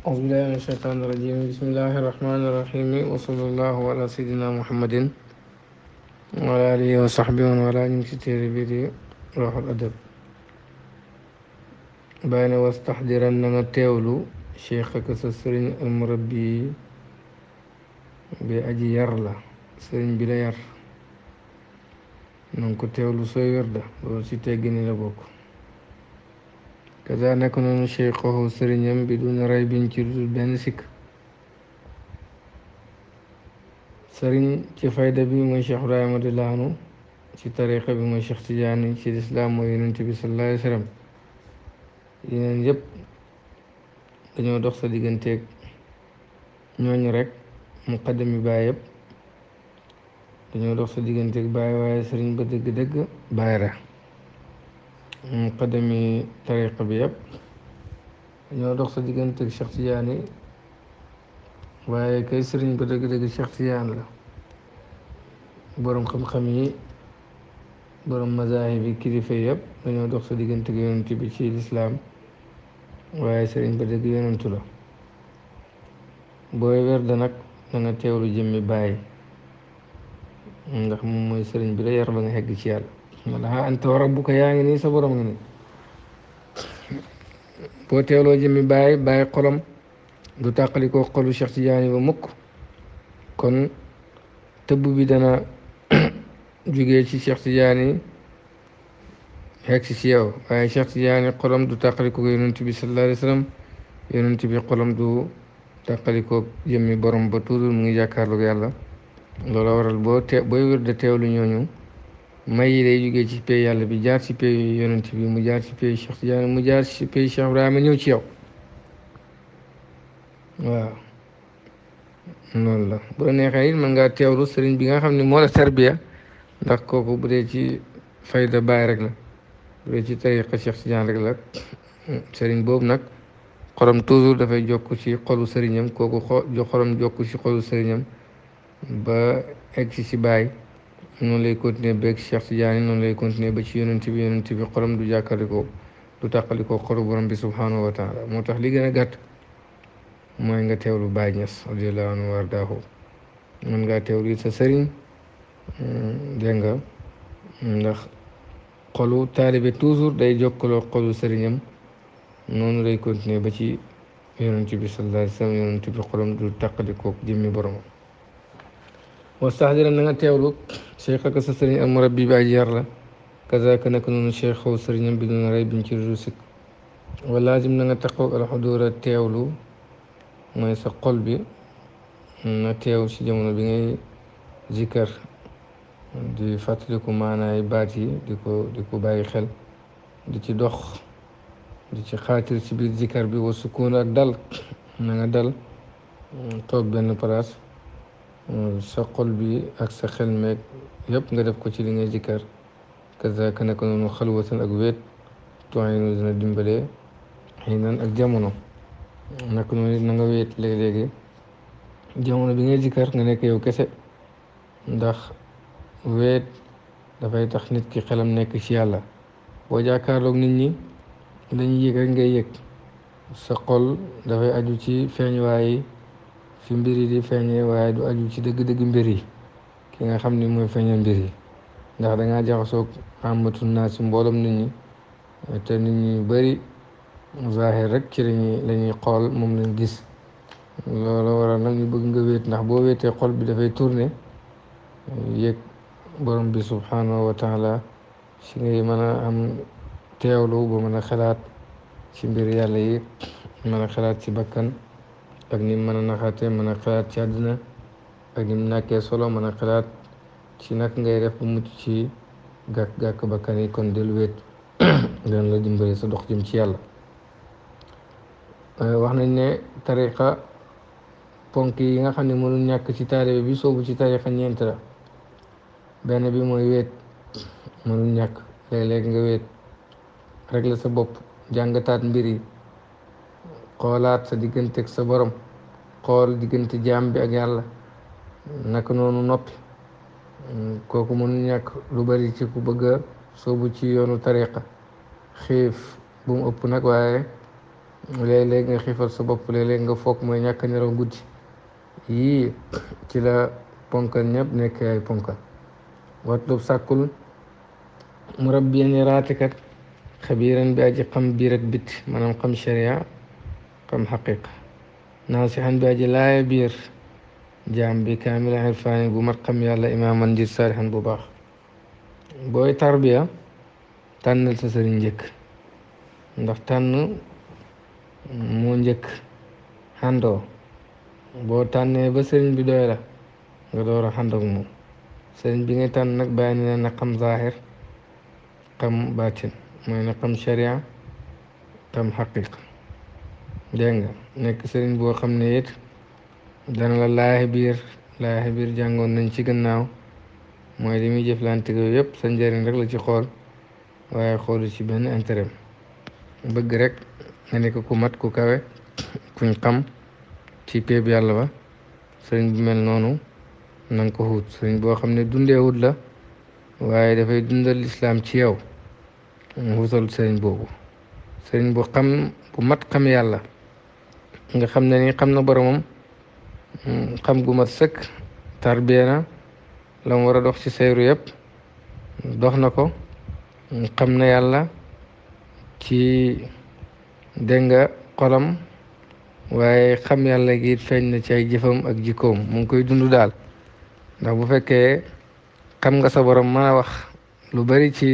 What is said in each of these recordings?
أعوذ بالله من الشيطان الرجيم بسم الله الرحمن الرحيم وصلى الله على سيدنا محمد وعلى آله وصحبه ومن والاه وعلى نكتير بيدي روح الأدب بين واستحضرن تولو شيخ كسسرين المربي بأجي يرلا سرين بلا ير نكتولو سيردا وسيتي جيني لبوكو kaza nekk noonu cheikhahu sëriñam bi duna ray biñ ci dudul benn sikk sëriñ ci fayda bi muy cheikh ibrahima radiyallaahu ci tariqa bi mooy cheikh tijaani ci lislaam mooy yonent bi sallallaahu alayhi wa sallam yeneen yëpp dañoo dox sa digganteeg ñooñu rek muqaddami baay yëpp dañoo dox sa digganteeg baay waaye sëriñ ba dëgg-dëgg baay ra qadami tariqa bi yëpp ñoo dox sa diggante ak Cheikh Tidiane yi waaye kay sëriñ ba dëgg-dëgg Cheikh Tidiane la boroom xam-xam yi boroom mazahib yi kilifa yëpp dañoo dox sa diggante ak yonent bi ci lislaam waaye sëriñ ba dëgg yonentu la booy werde nag da nga teewlu jëmmi bàyyi ndax moom mooy sëriñ bi la yar ba nga xegg ci yàlla man ha ah, anta wa rabbuka yaa ngi nii sa borom nga nii boo teeloo jëmmi bàyyi bàyyi xolam du tàqalikoo xolu Cheikh Tidiane ba mukk kon tëbb bi dana jugee ci Cheikh Tidiane xeeg si ci yow waaye Cheikh Tidiane xolam du tàqalikoo yonent bi sallallahu alayhi wa sallam yonent bi xolam du tàqalikoo jëmmi borom ba toujours mu ngi jàkkaarloog yàlla loola waral boo te booy wér de teewlu ñooñu may yi day jógee ci pay yàlla bi jaar ci pay yonent bi mu jaar ci pay Cheikh Tidiane mu jaar ci pay Cheikh Ibrahima ñëw ci yow waaw noonu la bu la neexee it mën ngaa teewlu sëriñ bi nga xam ne moo la tarbiya ndax kooku bu dee ci fayda baay rek la bu dee ci tariqa Cheikh Tidiane rek la sëriñ boobu nag xorom toujours dafay jokk ci xolu sëriñam kooku xo xorom jokk ci xolu sëriñam ba egg si si baay noonu lay continuer beeg Cheikh Tidiane noonu lay continuer ba ci yonent bi yonent bi xolam du jàkkalikoo du tàqalikoo xolu borom bi subhanahu wa taala moo tax li gën a gàtt mooy nga teewlu Baay Ñas radiyallahu anhu wardaahu mën ngaa teewlu sa sëriñ mm, dégg nga ndax xolu taalibe toujours day jokkaloo xolu seriñam noonu la continuer ba ci yonent bi sallallahu alayhi wa sallam yonent bi xolam du tàqalikoo jëmmi boromam مستحضر ان نغتي اولوك شيخ قصة سرين ام ربي بعد يارلا كذاك نكون الشيخ وسرين بدون ريب جرسك ولازم نغتي قو الحضور التاولو ما يسقل بي نغتي اول شي جمعنا بني ذكر دي فاتلكو معنا عباتي ديكو ديكو باي خل دي تي دوخ دي تي خاطر سبيل ذكر بي وسكون الدل نغتي دل توب بين براس Euh, sa xol bi ak sa xel meeg yëpp nga def ko ci li ngay jikkar kazaka naka noonu xalwatan ak wéet tuayinu dina dimbalee xëy nan ak jamono naka noonu it na nga wéet léegi jamono bi ngay jikkar nga nekk yow kese ndax wéet dafay tax nit ki xelam nekk ci yàlla boo jàkkaarloog nit ñi dañu yëg rek ngay yëg sa xol dafay aju ci feeñuwaay fi mbir di feeñee waaye du aju ci dëgg-dëgg mbir yi ki nga xam ni mooy feeñal mbir yi ndax dangaa jaxasoog amatu naa si mbooloom nit ñi te ni ñi bari zaahir rek ci lañuy la ñuy xool moom lañ gis loolu waral nag ñu bëgg nga wéet ndax boo wéetee xol bi dafay tourné yëg borom bi subhanahu wa taala si ngay mën a am teewlu ba mën a xalaat ci mbir yàlla yi mën a xalaat ci bakkan ak ni mëna a mëna mën xalaat ci àddina ak ni mu nàkkee solo mëna a xalaat ci nak ngay def ba mucc ci gàkk-gàkk bakkan yi kon del wéet dana la dimbali sa dox jëm ci yàlla eh, wax nañ ne tariqa ponk yi nga xam ne mënul ñàkk ci taalibe bi soobu ci tariqa ñeent la benn bi mooy wéet mënu ñàkk léeg-léeg nga wéet rek la sa bopp jàngataat mbir yi xoolaat sa digganteeg sa boroom xool diggante jaam bi ak yàlla naka noonu noppi kooku mënu ñàkk lu bari ci ku bëgg a soobu ci yoonu tariqa xiif bu mu ëpp nag waaye léeg-léeg nga xiifal sa bopp léeg-léeg nga foog mooy ñàkk nelaw guddi yii ci la ponkal ñëpp nekk ay ponkal watlub sàkkul murabbiyan raatikat xabiiran bi aji xam biir ak bit maanaam xam sharia كم حقيقة ناصحا بأجل لا يبير jaam bi kaamil irfaani bu mat xam yàlla imaaman ji saalihan bu baax booy tarbiya tànnal sa sëriñ njëkk ndax tànn moo njëkk xandoo boo tànnee ba sëriñ bi doy la nga door a xandoog moom sëriñ bi nga tànn nag bàyyi ne na xam zaahir xam baatin mooy na xam sharia xam xaqiqa dégg nekk sëriñ boo xam ne it dana la laahi biir laahi biir jàngoon nañ ci gannaaw mooy li muy jëflante yooyu yëpp sa njëriñ rek la ci xool waaye xoolu ci benn intérêt bëgg rek nga nekk ku mat ku kawe kuñ xam ci péeb yàlla ba sëriñ bu mel noonu na nga ko wut sëriñ boo xam ne dundee wut la waaye dafay dundal lislaam ci yow wutal sëriñ boobu sëriñ bu xam bu mat xam yàlla nga xam ne ni xam na boromam xam gu mat sëkk tarbiya na la mu war a dox ci sayru yëpp dox na ko xam na yàlla ci dégg nga xolam waaye xam yàlla gi feeñ na ci ay jëfam ak jikoom mu ngi koy dund daal ndax bu fekkee xam nga sa borom mën wax lu bari ci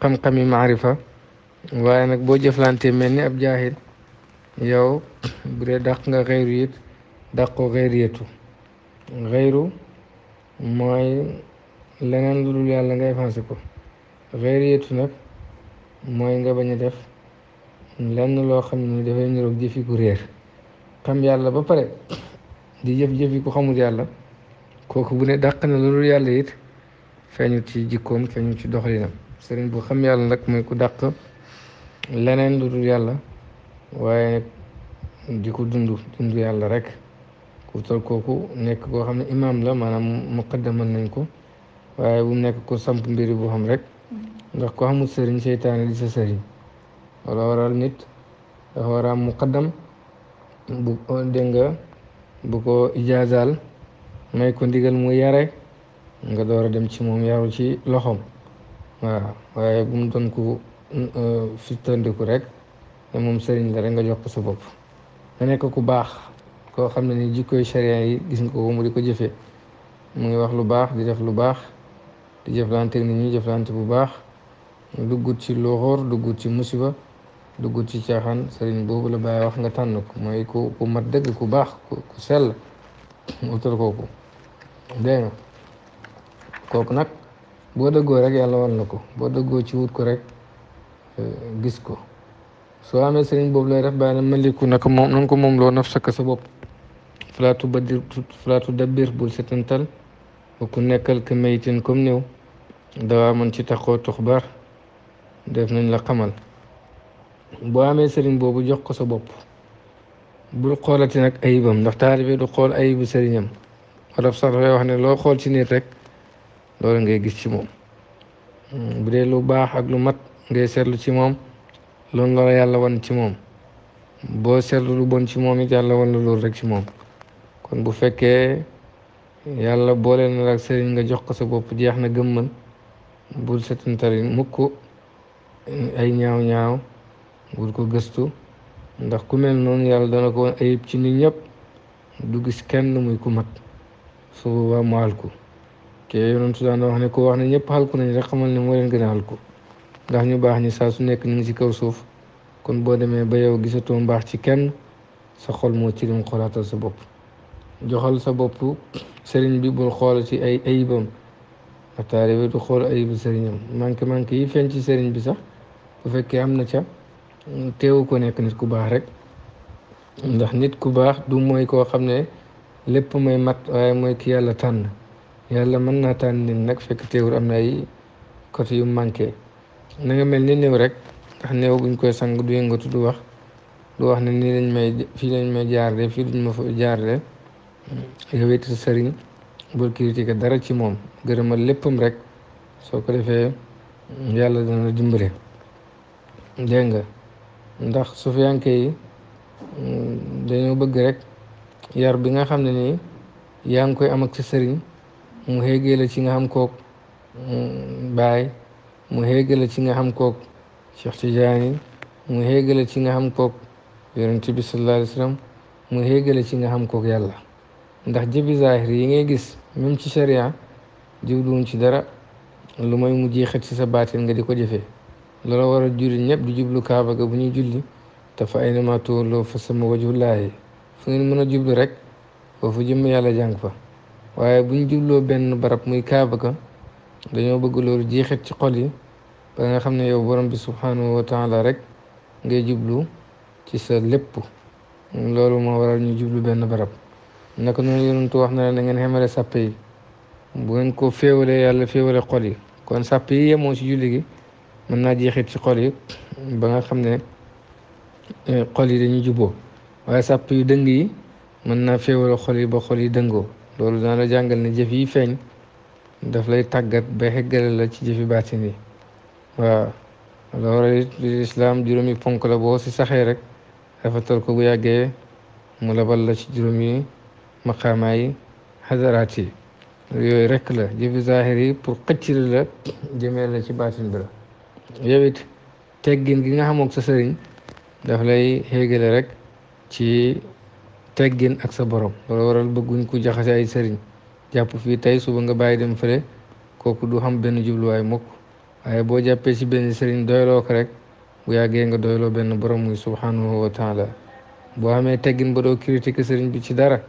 xam-xami marifa waaye nag boo jëflante mel ni ab jaahil yow bu dee dàq nga xëyru it dàq ko xëyriyatu xëyru mooy leneen lu dul yàlla ngay effacé ko xëyriyatu nag mooy nga bañ def lenn loo xam ne dafay niroog jëfi ku réer xam yàlla ba pare di jëf-jëfi ku xamul yàlla kooku bu ne dàq na lu dul yàlla it feeñu ci jikkoom feeñu ci doxalinam sëriñ bu xam yàlla nag mooy ku dàq leneen lu dul yàlla waaye nag di ko dund dundu yàlla rek ku tal kooku nekk koo xam ne imaam la maanaam muqaddamal nañ ko waaye bu nekk ko samp mbiri boo xam rek ndax ko xamul sëriñ seytaane di sa sëriñ wala waral nit dafa war a am muqaddam bu dégg bu ko ijaazaal may ko ndigal mu yare nga door a dem ci moom yaru ci loxoom waaw waaye bu mu doon ku euh, fittandiku rek te moom sëriñ la rek nga jox ko sa bopp nga nekk ku baax koo xam ne ni jikkoy charia yi gis nga ko mu di ko jëfe mu ngi wax lu baax di def lu baax di jëflante nit ñi jëflante bu baax duggut ci loxoor duggut ci musiba duggut ci caaxaan sëriñ boobu la bàyyi wax nga tànn ko mooy ku ku mat dëgg ku baax ku sell utal kooku dégg nga kooku nag boo dëggoo rek yàlla wan la ko boo dëggoo ci wut ko rek euh, gis ko سواء مسلين بوب لا رب بان ملكو نكم مؤمنكم مملو نفسك سبب فلا تبدر فلا تدبر بول ستنتل وكن نكل كميتين كم نيو دوام انت تخو تخبر دفن لقمل بو عمي سرين بوبو جوكو سبب بول قولتنك ايبم نفتار بيدو قول ايب سرينم ولف صرفه وحن لو قول تنير رك لو loolu la yàlla wan ci moom boo seetlu lu bon ci moom it yàlla wan la loolu rek ci moom kon bu fekkee yàlla boo leen ak sëriñ nga jox ko sa bopp jeex na gëmmal bul setantari mukk ay ñaaw-ñaaw bul ko gëstu ndax ku mel noon yàlla dana ko ayib ci nit ñëpp du gis kenn muy ku mat su boobaa mu halku noon yonentu daan wax ne ko wax ne ñëpp halku nañ rek xamal ne moo leen gën a halku ndax ñu baax ni saa su nekk ñu si kaw suuf kon boo demee ba yow gisatoo mbaax ci kenn sa xol moo ci dem xoolaatal sa bopp joxal sa bopp sëriñ bi bul xool ci ay ayibam ndax taalibe du xool ayibu sëriñam manqué manqué yi feeñ ci sëriñ bi sax bu fekkee am na ca teewu ko nekk nit ku baax rek ndax nit ku baax du mooy koo xam ne lépp mooy mat waaye mooy ki yàlla tànn yàlla mën naa tànn nit nag fekk teewul am na ay côté yu manqué na nga mel ni néew rek ndax néew buñ koy sangu du yëngatu du wax du wax ne nii lañ may fii lañ may jaarle fii duñ ma fa jaarle yow it sëriñ bul critique dara ci moom gërëmal léppam rek soo ko defee yàlla dana dimbale dégg nga ndax sufiyanke dañoo bëgg rek yar bi nga xam ne nii yaa ngi koy am ak sa sëriñ mu xéegee la ci nga xam kook mm, baay mu xéegale ci nga xam kook Cheikh Tijaani mu xéegale ci nga xam kook yonent bi sallallahu alayhi wa sallam mu xéegale ci nga xam kook yàlla ndax jëbi zahir yi ngay gis même ci sharia jubluwuñ ci dara lu may mu jeexat ci sa baatin nga di ko jëfee loola war a julli ñëpp du jublu kaaba ga bu ñuy julli dafa ay nama tooloo fa sama wajullaahi fu ngeen mën a jublu rek foofu jëmm yàlla jàng fa waaye bu jubloo benn barab muy kaaba ga dañoo bëgg loolu jeexit ci xol yi ba nga xam ne yow borom bi subhanahu wa taala rek ngay jublu ci sa lépp loolu moo waral ñu jublu benn barab naka noonu yonent wax na leen da ngeen xemale sàpp yi bu ngeen ko féewalee yàlla féewale xol yi kon sàpp yi yemoo ci julli gi mën naa jeexit ci xol yi ba nga xam ne xol yi dañuy jubboo waaye sàpp yu dëng yi mën naa féewale xol yi ba xol yi dëngoo loolu dana la jàngal ne jëf yi feeñ daf lay tàggat ba xeggale la ci jëfi baatin yi waaw loolu it lislaam juróomi ponk la boo si saxee rek rafetal ko bu yàggee mu labal la ci juróomi maqaamaa yi xadaraat yooyu rek la jëfi zahir yi pour xëcc la jëmee la ci baatin bi la yow it teggin gi nga xamook sa sëriñ daf lay xeegale rek ci teggin ak sa borom loolu waral bëgguñ ku jaxase ay sëriñ jàpp fii tey suba nga bàyyi dem fële kooku du xam benn jubluwaay mukk waaye boo jàppee si benn sëriñ doyloo ko rek bu yàggee nga doyloo benn borom muy subhanahu wa taala boo amee teggin ba doo critique sëriñ bi ci dara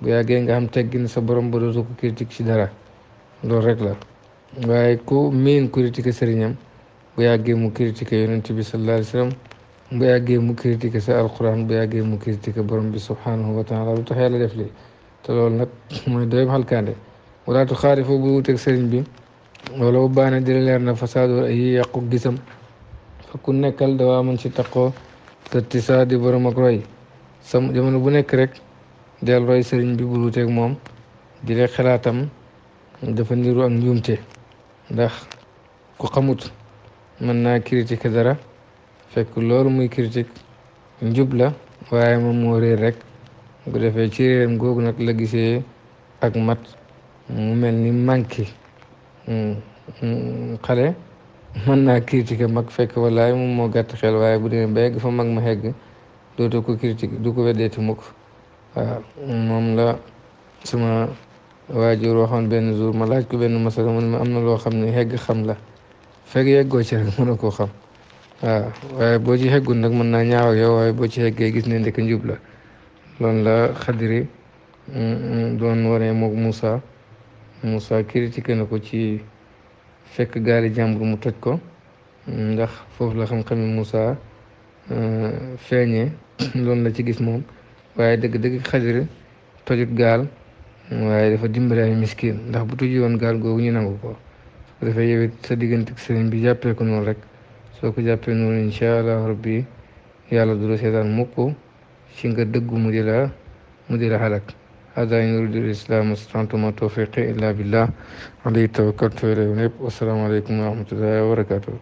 bu yàggee nga am teggin sa borom ba dootu ko critique ci dara loolu rek la waaye ku miin critique sëriñam bu yàggee mu critique yonent bi sallallahu alayhi wa sallam bu yàggee mu critique sa alquran bu yàggee mu critique borom bi subhanahu wa taala lu tax yàlla def lii te loolu nag mooy doy xalkaande walaatu xaarifu bu wuteeg sëriñ bi wala bu baana di leer na fasaadoo ay yàqu gisam fa ku nekkal dawaa mën ci taqoo te di borom ak roy sam jamono bu nekk rek del roy sëriñ bi bu moom di leen xalaatam dafa niru ak njuumte ndax ku xamut mën naa critique dara fekk loolu muy critique njub la waaye moom moo rek bu defee ci réeram nag la gisee ak mat mu mel ni manqué mm, xale mën naa critiquer mag fekk wallaay moom moo gàtt xel waaye bu demee ba yegg fa mag ma xegg dootoo ko critique du ko weddeeti mukk waaw moom la sama waajur waxoon benn jour ma ku ko benn masala mu ma am na loo xam ne xegg xam la fekk yeggoo ci rek mën a koo xam waaye boo ci xeggul nag mën naa ñaaw ak waaye boo ci xeggee gis ne ndekk njub la loolu la xadiri mm, mm, doon waree moog Moussa Moussa critiqué na ko ci fekk gaali jàmbur mu toj ko mm, ndax foofu la xam-xami Moussa euh, feeñee loolu la ci gis moom waaye dëgg-dëgg xadiri tojut gaal waaye dafa dimbale ay miskin ndax bu tuji woon gaal googu ñu nangu ko su defee yow it sa diggante sëriñ bi jàppee ko noonu rek soo ko jàppee noonu incha allah rabbi yàlla du la seetaan mukk شنغ دغ مديلا مديلا حالك هذا يريد الإسلام واستعنت ما توفيقي إلا بالله عليه توكلت وإليه ونيب والسلام عليكم ورحمة الله وبركاته